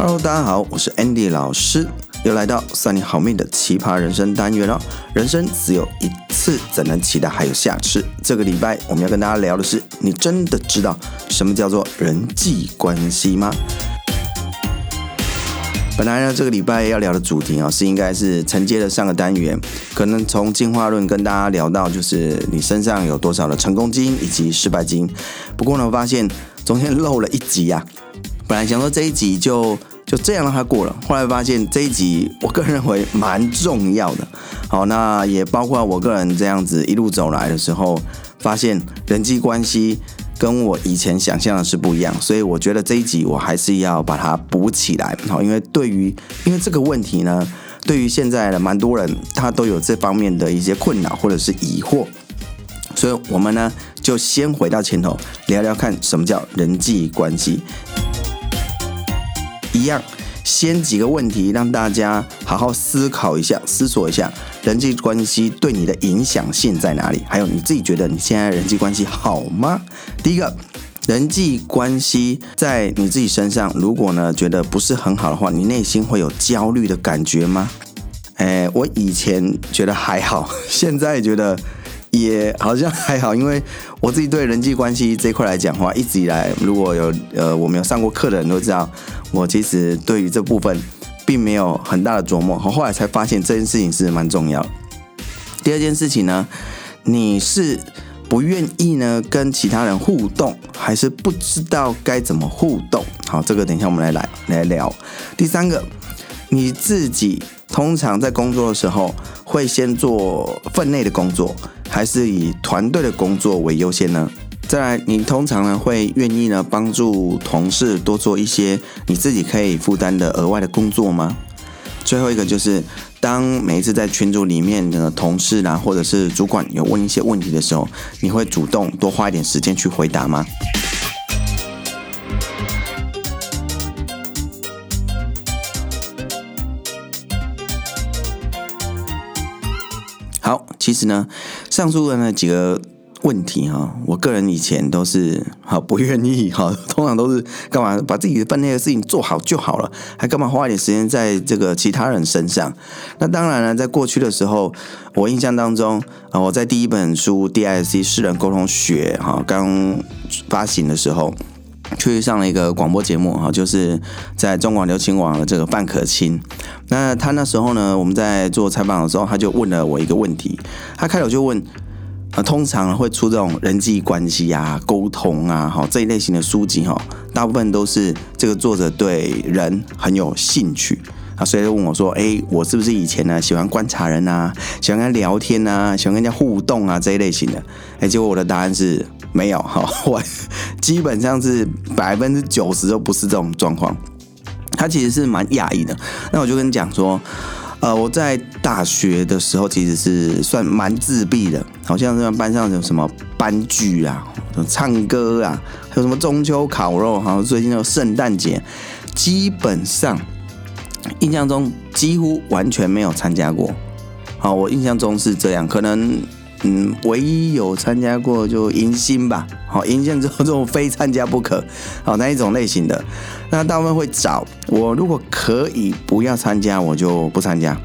Hello，大家好，我是 Andy 老師，又來到算你好命的奇葩人生單元了、哦。人生只有一次，怎能期待還有下次？這個禮拜我們要跟大家聊的是，你真的知道什麼叫做人際關係嗎？本來呢，這個禮拜要聊的主題啊、哦，是應該是承接了上個單元，可能從進化論跟大家聊到就是你身上有多少的成功基因以及失敗基因。不過呢，我發現昨天漏了一集呀、啊。本來想說這一集就就這樣讓它過了，後來發現這一集我個人認為蠻重要的。好，那也包括我個人這樣子一路走來的時候，發現人際關係跟我以前想象的是不一樣，所以我覺得這一集我還是要把它補起來。好，因為對於因為這個問題呢，對於現在的蠻多人他都有這方面的一些困擾或者是疑惑，所以我們呢就先回到前頭聊聊看什麼叫人際關係。一樣，先幾個問題讓大家好好思考一下，思索一下人際關係對你的影響性在哪裡，還有你自己覺得你現在人際關係好嗎？第一個，人際關係在你自己身上，如果呢覺得不是很好的話，你內心會有焦慮的感覺嗎？誒，我以前覺得還好，現在覺得。也好像還好，因為我自己對人際關係這一塊來講的話，一直以來如果有呃，我沒有上過課的人都知道，我其實對於這部分並沒有很大的琢磨。好，後來才發現這件事情是蠻重要的。第二件事情呢，你是不願意呢跟其他人互動，還是不知道該怎麼互動？好，這個等一下我們來來來聊。第三個，你自己通常在工作的時候會先做分內的工作。還是以團隊的工作為優先呢？再來，你通常呢會願意呢幫助同事多做一些你自己可以負擔的額外的工作嗎？最後一個就是，當每一次在群組裡面的同事啊，或者是主管有問一些問題的時候，你會主動多花一點時間去回答嗎？好，其實呢，上述的那幾個問題哈，我個人以前都是好不願意，好通常都是幹嘛把自己的分內的事情做好就好了，還幹嘛花一點時間在這個其他人身上？那當然了，在過去的時候，我印象當中，我在第一本書《DISC 識人溝通學》哈剛發行的時候。去上了一個廣播節目哈，就是在中廣流行網的這個范可清。那他那時候呢，我們在做採訪的時候，他就問了我一個問題。他開頭就問，啊、呃，通常會出這種人際關係啊、溝通啊，哈這一類型的書籍哈，大部分都是這個作者對人很有興趣啊，所以就問我說，哎、欸，我是不是以前呢喜歡觀察人啊，喜歡跟人聊天吶、啊，喜歡跟人家互動啊這一類型的？誒、欸，結果我的答案是。沒有好，我基本上是百分之九十都不是這種狀況，他其實是蠻訝異的。那我就跟你講說，呃，我在大學的時候其實是算蠻自閉的。好像這樣班上有什麼班聚啊、唱歌啊，還有什麼中秋烤肉，好像最近有聖誕節，基本上印象中幾乎完全沒有參加過。好，我印象中是這樣，可能。嗯，唯一有參加過就迎新吧，好，迎新之後就非參加不可，好、哦、那一種類型的，那大部分會找我，如果可以不要參加我就不參加，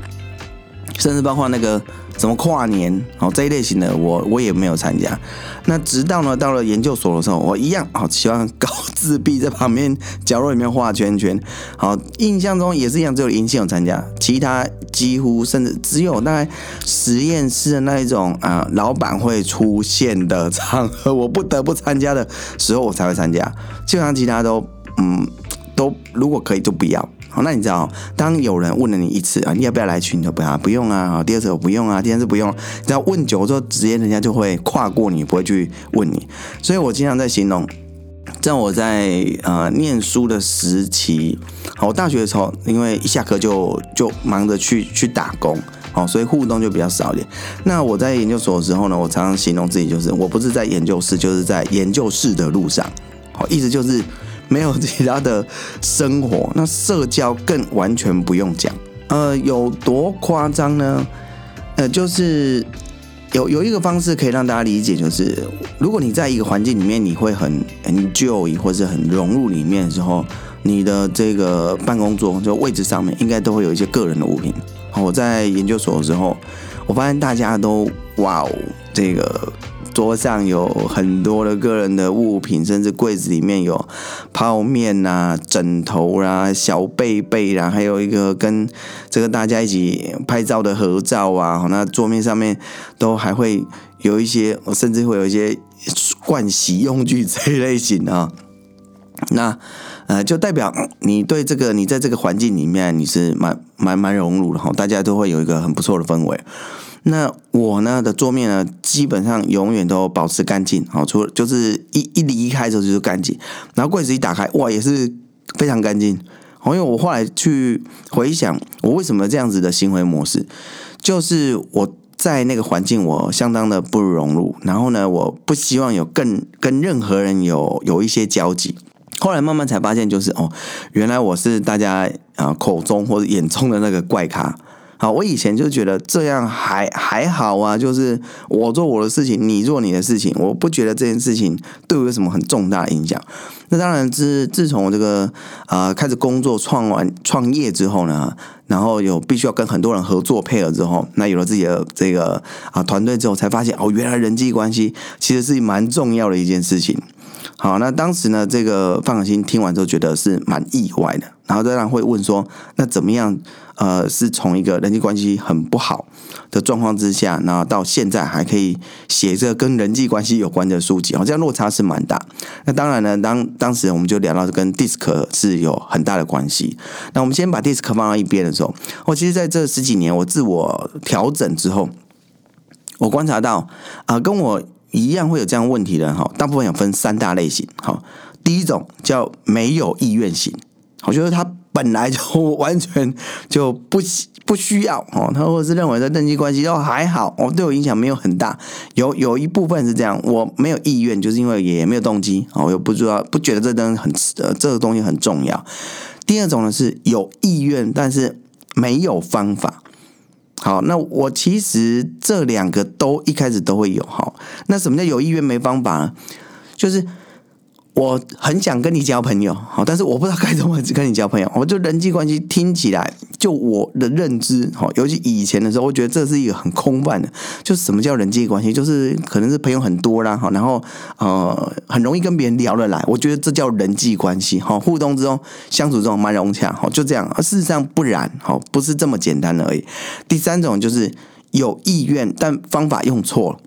甚至包括那個。什麼跨年好、哦、這一類型的，我我也沒有參加，那直到呢，到了研究所的時候，我一樣好喜歡搞自閉，在旁邊角落裡面畫圈圈。好、哦，印象中也是一樣，只有銀杏有參加，其他幾乎甚至只有大概實驗室的那一種啊、呃，老闆會出現的場合，我不得不參加的時候我才會參加，基本上其他都嗯，都如果可以就不要。好，那你知道，當有人問了你一次啊，你要不要來群？你就不要，不用啊，第二次不用啊。第二次不用啊，第三次不用。只要問久了之後，直接人家就會跨過你，不會去問你。所以我經常在形容，在我在呃念書的時期，好，我大學的時候，因為一下課就就忙着去去打工，好，所以互動就比較少一點。那我在研究所的時候呢，我常常形容自己就是，我不是在研究室，就是在研究室的路上。好，意思就是。沒有其他的生活，那社交更完全不用講。呃，有多誇張呢？呃，就是有有一個方式可以讓大家理解，就是如果你在一個環境裡面，你會很 enjoy 或是很融入裡面的時候，你的這個辦公桌就位置上面應該都會有一些個人的物品。我在研究所的時候，我發現大家都哇哦，這個。桌上有很多的個人的物品，甚至櫃子裡面有泡麵啊、枕頭啊、小被被啊，還有一個跟這個大家一起拍照的合照啊。那桌面上面都還會有一些，甚至會有一些盥洗用具這一類型啊。那呃，就代表你對這個，你在這個環境裡面你是蠻蠻蠻融入的哈，大家都會有一個很不錯的氛圍。那我呢的桌面呢，基本上永遠都保持乾淨，好、哦，除了就是一一離開的時候就是乾淨。然後櫃子一打開，哇，也是非常乾淨。好、哦，因為我後來去回想，我為什麼這樣子的行為模式，就是我在那個環境，我相當的不融入。然後呢，我不希望有更跟任何人有有一些交集。後來慢慢才發現，就是哦，原來我是大家啊、呃、口中或者眼中的那個怪咖。啊，我以前就覺得這樣還還好啊，就是我做我的事情，你做你的事情，我不覺得這件事情對我有什麼很重大的影響。那當然是自，自從這個啊，呃，開始工作、創完創業之後呢，然後有必須要跟很多人合作配合之後，那有了自己的這個啊團隊之後，才發現哦，原來人際關係其實是蠻重要的一件事情。好，那當時呢，這個范可欣聽完之後覺得是蠻意外的，然後當然會問說，那怎麼樣？呃，是從一個人際關係很不好的狀況之下，然後到現在還可以寫這跟人際關係有關的書籍，好、哦、像落差是蠻大。那當然呢，當當時我們就聊到跟 DISC 是有很大的關係。那我們先把 DISC 放到一邊的時候，我、哦、其實在這十幾年我自我調整之後，我觀察到啊、呃，跟我。一樣會有這樣問題的哈，大部分有分三大類型哈。第一種叫沒有意願型，我覺得他本來就完全就不不需要哦，他或者是認為在人際關係都還好，我對我影響沒有很大。有有一部分是這樣，我沒有意願，就是因為也沒有動機哦，我又不知道不覺得這東西很呃這個東西很重要。第二種呢是有意願，但是沒有方法。好，那我其實這兩個都一開始都會有哈。那什麼叫有意願沒方法呢？就是我很想跟你交朋友，好，但是我不知道該怎麼跟你交朋友，我就人際關係聽起來。就我的認知，哈，尤其以前的時候，我覺得這是一個很空泛的，就什麼叫人際關係，就是可能是朋友很多啦，哈，然後呃，很容易跟別人聊得來，我覺得這叫人際關係，哈，互動之中相處之中蠻融洽，哈，就這樣。事實上不然，哈，不是這麼簡單而已。第三種就是有意願，但方法用錯了。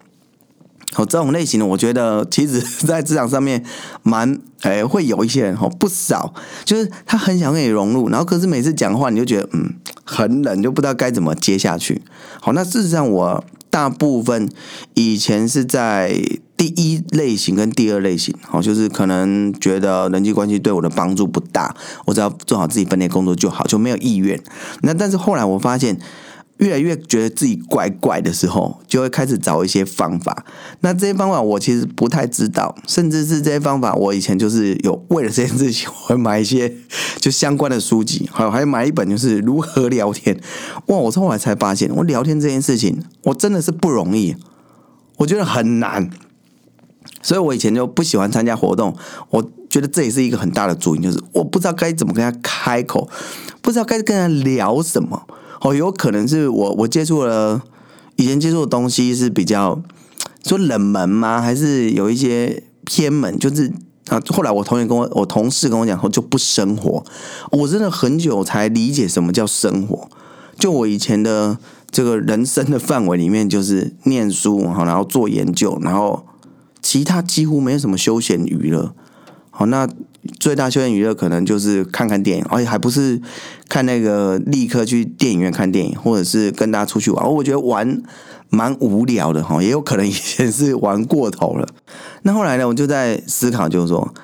哦，這種類型的我覺得，其實在職場上面蠻，蠻、欸、哎會有一些人哦，不少，就是他很想跟你融入，然後可是每次講話你就覺得嗯很冷，就不知道該怎麼接下去。好，那事實上我大部分以前是在第一類型跟第二類型，好，就是可能覺得人際關係對我的幫助不大，我只要做好自己分內工作就好，就沒有意願。那但是後來我發現。越來越覺得自己怪怪的時候，就會開始找一些方法。那這些方法我其實不太知道，甚至是這些方法我以前就是有為了這件事情，我會買一些就相關的書籍，還有還買一本就是如何聊天。哇！我後來才發現，我聊天這件事情我真的是不容易，我覺得很難。所以我以前就不喜歡參加活動，我，覺得這也是一個很大的主因，就是我不知道該怎麼跟他開口，不知道該跟他聊什麼。哦，有可能是我我接觸了以前接觸的東西是比較說冷門嗎？還是有一些偏門？就是啊，後來我同學跟我，我同事跟我講，我就不生活，我真的很久才理解什麼叫生活。就我以前的這個人生的範圍裡面，就是念書，然後做研究，然後其他幾乎沒有什麼休閒娛樂。好，那最大休閒娛樂可能就是看看電影，而且還不是看那個立刻去電影院看電影，或者是跟大家出去玩。我覺得玩蠻無聊的哈，也有可能以前是玩過頭了。那後來呢，我就在思考，就是說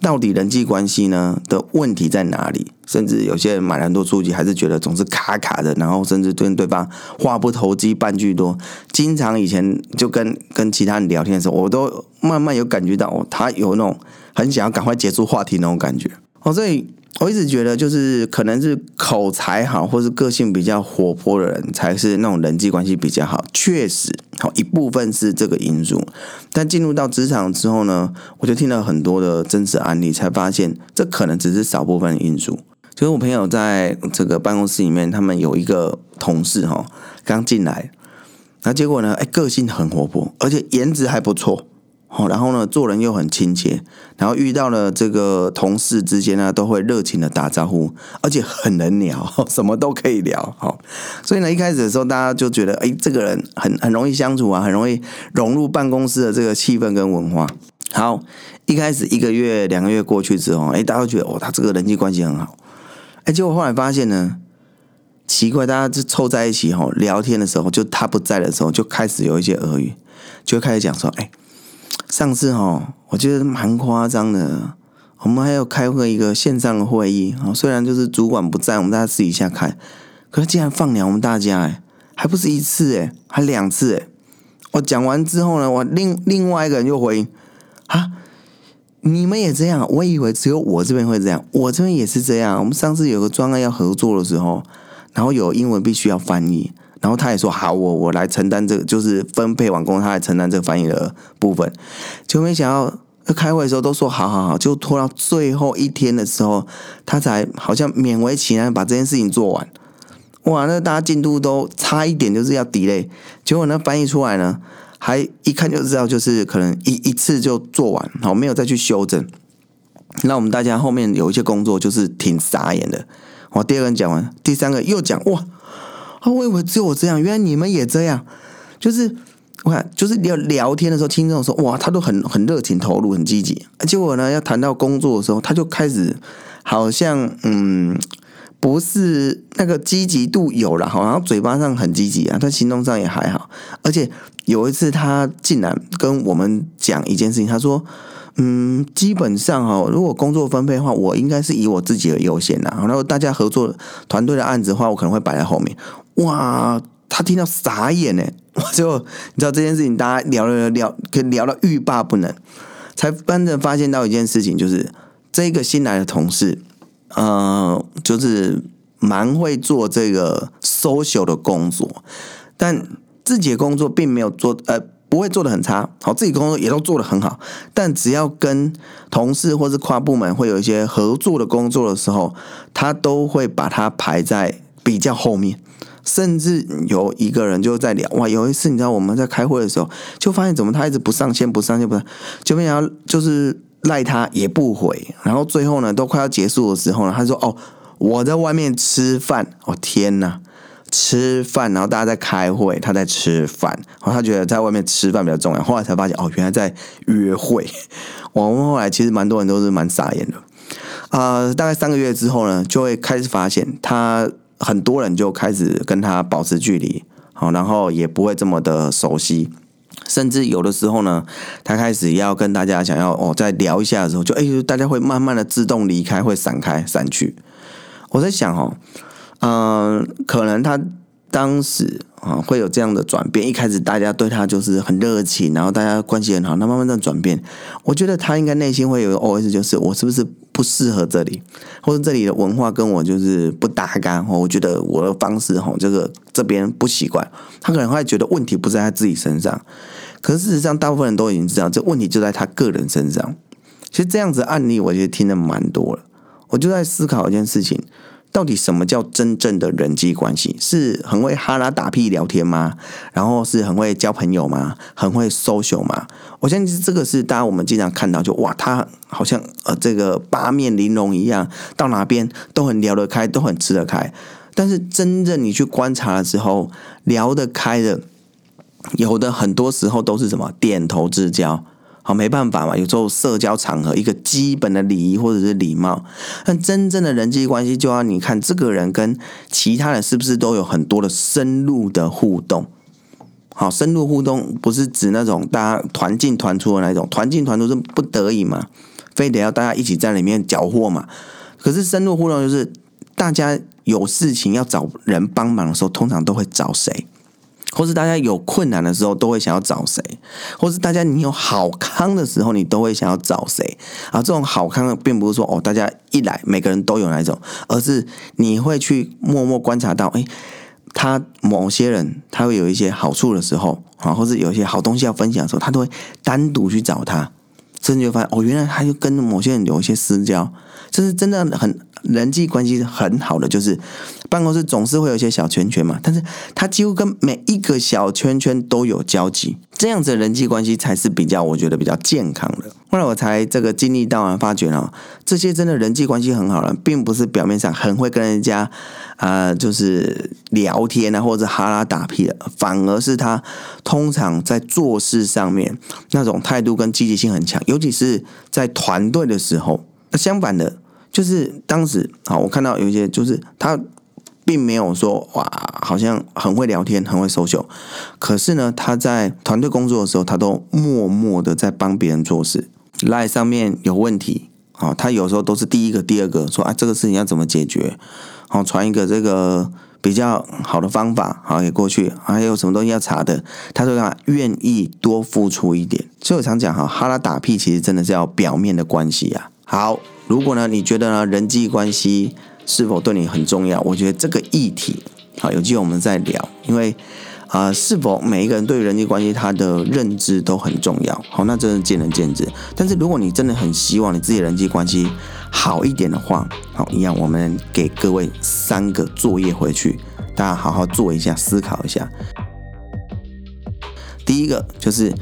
到底人際關係呢的問題在哪裡？甚至有些人買了很多書籍，還是覺得總是卡卡的，然後甚至跟對方話不投機半句多。經常以前就跟跟其他人聊天的時候，我都慢慢有感覺到哦，他有那種。很想要趕快結束話題那種感覺，哦，所以我一直覺得，就是可能是口才好，或是個性比較活潑的人，才是那種人際關係比較好。確實，好一部分是這個因素。但進入到職場之後呢，我就聽了很多的真實案例，才發現這可能只是少部分因素。就是我朋友在這個辦公室裡面，他們有一個同事哈，剛進來，那結果呢，哎，個性很活潑，而且顏值還不錯。哦，然後呢，做人又很親切，然後遇到了這個同事之間呢，都會熱情的打招呼，而且很能聊，什麼都可以聊。所以呢，一開始的時候，大家就覺得，哎，這個人很很容易相處啊，很容易融入辦公室的這個氣氛跟文化。好，一開始一個月、兩個月過去之後，哎，大家就覺得，哦，他這個人際關係很好。哎，結果後來發現呢，奇怪，大家就湊在一起哈聊天的時候，就他不在的時候，就開始有一些耳語，就開始講說，哎。上次哈、哦，我覺得蠻誇張的。我們還有開會一個線上的會議啊，雖然就是主管不在，我們大家私底下開，可是竟然放鳥我們大家哎、欸，還不是一次哎、欸，還兩次哎、欸。我講完之後呢，我另另外一個人就回應啊，你們也這樣？我以為只有我這邊會這樣。我這邊也是這樣。我們上次有個專案要合作的時候，然後有英文必須要翻譯。然後他也說好，我我來承擔這個，就是分配完工，他來承擔這個翻譯的部分，就沒想到開會的時候都說好好好，就拖到最後一天的時候，他才好像勉為其難把這件事情做完，哇，那大家進度都差一點，就是要 delay。結果那翻譯出來呢，還一看就知道就是可能一一次就做完，好，沒有再去修正，那我們大家後面有一些工作就是挺傻眼的，我第二個人講完，第三個又講哇。哦，我以為只有我這樣，原來你們也這樣。就是，我看，就是要聊，聊天的時候，聽眾說哇，他都很很熱情投入，很積極。結果呢，要談到工作的時候，他就開始好像嗯，不是那個積極度有了，好，然後嘴巴上很積極啊，但行動上也還好。而且有一次，他竟然跟我們講一件事情，他說嗯，基本上哈、哦，如果工作分配的話，我應該是以我自己為優先啦。然後大家合作團隊的案子的話，我可能會擺在後面。哇，他聽到傻眼呢。就，你知道這件事情，大家聊聊聊，可以聊到欲罷不能，才真的發現到一件事情，就是這個新來的同事，呃，就是蠻會做這個 social 的工作，但自己的工作並沒有做，呃，不會做的很差。好，自己工作也都做的很好，但只要跟同事或是跨部門會有一些合作的工作的時候，他都會把它排在比較後面。甚至有一個人就在聊，哇，有一次你知道我們在開會的時候，就發現怎麼他一直不上線、不上線、不上，就沒有就是賴他也不回。然後最後呢，都快要結束的時候呢，他就說：“哦，我在外面吃飯。”哦天哪！吃飯！然後大家在開會，他在吃飯。然、哦、後他覺得在外面吃飯比較重要。後來才發現哦，原來在約會。我們後來其實蠻多人都是蠻傻眼的啊、呃。大概三個月之後呢，就會開始發現他。很多人就開始跟他保持距離，好，然後也不會這麼的熟悉，甚至有的時候呢，他開始要跟大家想要哦再聊一下的時候，就哎，欸、就大家會慢慢的自動離開，會散開散去。我在想哦，嗯、呃，可能他當時啊、哦、會有這樣的轉變，一開始大家對他就是很熱情，然後大家關係很好，他慢慢的轉變，我覺得他應該內心會有 OS，、哦、就是我是不是？不適合這裡，或者這裡的文化跟我就是不搭嘎，我覺得我的方式吼，這個這邊不習慣，他可能會覺得問題不是在他自己身上，可是事實上，大部分人都已經知道，這問題就在他個人身上。其實這樣子的案例，我覺得聽得蠻多了，我就在思考一件事情。到底什麼叫真正的人際關係？是很會哈拉打屁聊天嗎？然後是很會交朋友嗎？很會 social 嗎？我相信這個是大家我們經常看到就，就哇，他好像呃這個八面玲瓏一樣，到哪邊都很聊得開，都很吃得開。但是真正你去觀察的時候，聊得開的，有的很多時候都是什麼？點頭之交。好，沒辦法嘛。有時候社交場合一個基本的禮儀或者是禮貌，但真正的人際關係就要你看這個人跟其他人是不是都有很多的深入的互動。好，深入互動不是指那種大家團進團出的那種，團進團出是不得已嘛，非得要大家一起在裡面攪和嘛。可是深入互動就是大家有事情要找人幫忙的時候，通常都會找誰？或是大家有困難的時候，都會想要找誰；或是大家你有好康的時候，你都會想要找誰。啊，這種好康的並不是說哦，大家一來每個人都有那一種，而是你會去默默觀察到，哎、欸，他某些人他會有一些好處的時候，啊，或是有一些好東西要分享的時候，他都會單獨去找他，甚至就發現，哦，原來他就跟某些人有一些私交。這是真的很人際關係很好的。就是辦公室總是會有一些小圈圈嘛，但是他幾乎跟每一個小圈圈都有交集，這樣子的人際關係才是比較我覺得比較健康的。後來我才這個經歷到啊，發覺啊這些真的人際關係很好了，並不是表面上很會跟人家啊、呃、就是聊天啊或者哈拉打屁的，反而是他通常在做事上面那種態度跟積極性很強，尤其是在團隊的時候、呃，那相反的。就是當時，好，我看到有一些，就是他並沒有說哇，好像很會聊天，很會 social。可是呢，他在團隊工作的時候，他都默默的在幫別人做事。LINE 上面有問題、哦，他有時候都是第一個、第二個說啊，這個事情要怎麼解決？好、哦，傳一個這個比較好的方法，好、哦，也過去。還、啊、有什麼東西要查的？他說他願意多付出一點。所以我常講哈，哈拉打屁其實真的是要表面的關係啊。好。如果呢，你覺得呢？人際關係是否對你很重要？我覺得這個議題，好，有機會我們再聊。因為，啊、呃，是否每一個人對人際關係他的認知都很重要？好，那真是見仁見智。但是，如果你真的很希望你自己的人際關係好一點的話，好，一樣，我們給各位三個作業回去，大家好好做一下，思考一下。第一個就是。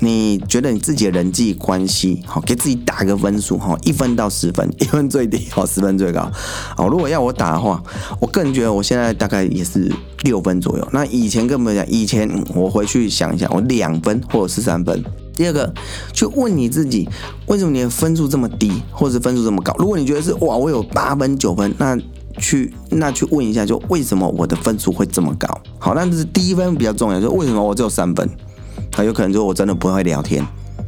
你覺得你自己的人際關係好，給自己打一個分數哈，一分到十分，一分最低哦，十分最高哦。如果要我打的話，我個人覺得我現在大概也是六分左右。那以前更不用講，以前我回去想一想，我兩分或者是三分。第二個，去問你自己，為什麼你的分數這麼低，或者是分數這麼高？如果你覺得是哇，我有八分九分，那去那去問一下，就為什麼我的分數會這麼高？好，那這是第一分比較重要，就是為什麼我只有三分？那有可能說，我真的不會聊天，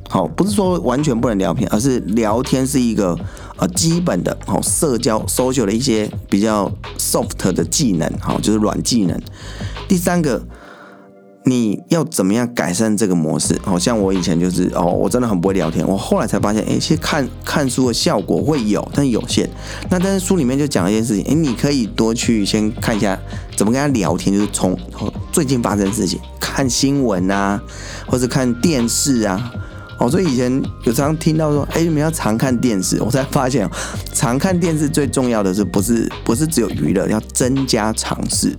好，不是說完全不能聊天，而是聊天是一個呃基本的，好社交 social 的一些比較 soft 的技能，好，就是軟技能。第三個。你要怎麼樣改善這個模式？好、哦、像我以前就是哦，我真的很不會聊天。我後來才發現，哎、欸，其實看看書的效果會有，但有限。那但是書裡面就講一件事情，哎、欸，你可以多去先看一下怎麼跟他聊天，就是從、哦、最近發生的事情、看新聞啊，或者看電視啊。哦，所以以前有常常聽到說，哎、欸，你們要常看電視，我才發現，常看電視最重要的是不是不是只有娛樂，要增加常識。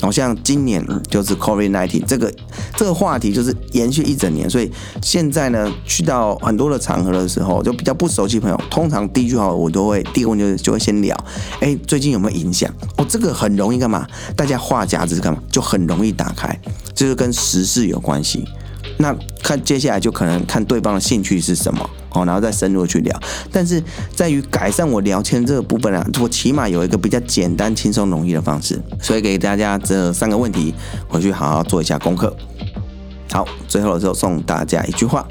好像今年就是 COVID-19 這個這個話題就是延續一整年，所以現在呢，去到很多的場合的時候，就比較不熟悉朋友，通常第一句話我都會，第一個問題就會先聊，哎、欸，最近有沒有影響？哦，這個很容易幹嘛？大家話匣子是幹嘛？就很容易打開，就是跟時事有關係。那看接下來就可能看對方的興趣是什麼哦，然後再深入去聊。但是在於改善我聊天這個部分啊，我起碼有一個比較簡單、輕鬆、容易的方式，所以給大家這三個問題，回去好好做一下功課。好，最後的時候就送大家一句話：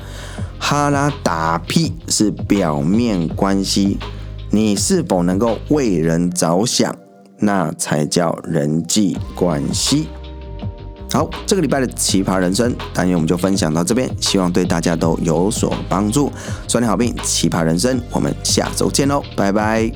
哈拉打屁是表面關係，你是否能夠為人着想，那才叫人際關係。好，這個禮拜的奇葩人生單元我們就分享到這邊，希望對大家都有所幫助。算你好命，奇葩人生，我們下周見嘍，拜拜。